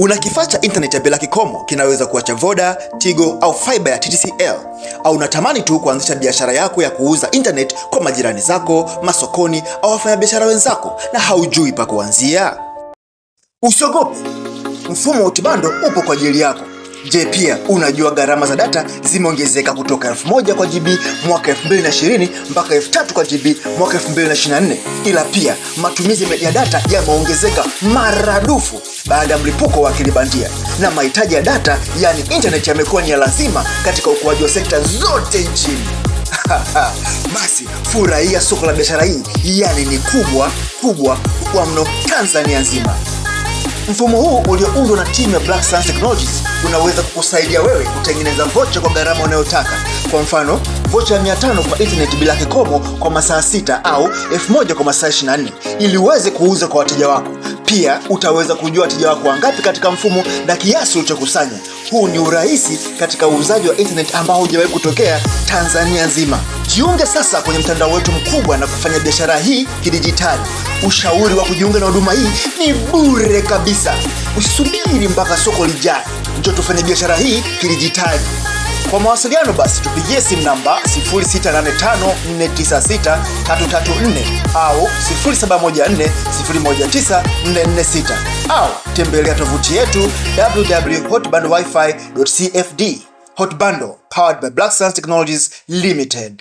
Una kifaa cha internet ya bila kikomo, kinaweza kuwa cha Voda, Tigo au fiber ya TTCL, au unatamani tu kuanzisha biashara yako ya kuuza internet kwa majirani zako, masokoni au wafanyabiashara wenzako na haujui pa kuanzia? Usiogope, mfumo wa Utibando upo kwa ajili yako. Je, pia unajua gharama za data zimeongezeka kutoka 1000 kwa GB mwaka 2020 mpaka 3000 kwa GB mwaka 2024, ila pia matumizi ya data yameongezeka maradufu baada ya mlipuko wa kilibandia na mahitaji ya data yani internet yamekuwa ni ya lazima katika ukuaji wa sekta zote nchini. Basi furahia soko la biashara hii, yani ni kubwa kubwa kwa mno Tanzania nzima. Mfumo huu ulioundwa na timu ya Black Sans Technologies unaweza kukusaidia wewe kutengeneza vocha kwa gharama unayotaka. Kwa mfano, vocha ya 500 kwa internet bila kikomo kwa masaa sita au 1000 kwa masaa 24 ili uweze kuuza kwa wateja wako. Pia utaweza kujua wateja wako wangapi katika mfumo na kiasi ulichokusanya. Huu ni urahisi katika uuzaji wa internet ambao hujawahi kutokea Tanzania nzima. Jiunge sasa kwenye mtandao wetu mkubwa na kufanya biashara hii kidijitali. Ushauri wa kujiunga na huduma hii ni bure kabisa. Usisubiri mpaka soko lijaa njo tufanye biashara hii kidijitali. Kwa mawasiliano basi tupigie simu namba 0685496334 au 0714019446 au tembelea tovuti yetu www.hotbandwifi.cfd. Hotbando powered by Black Technologies Limited.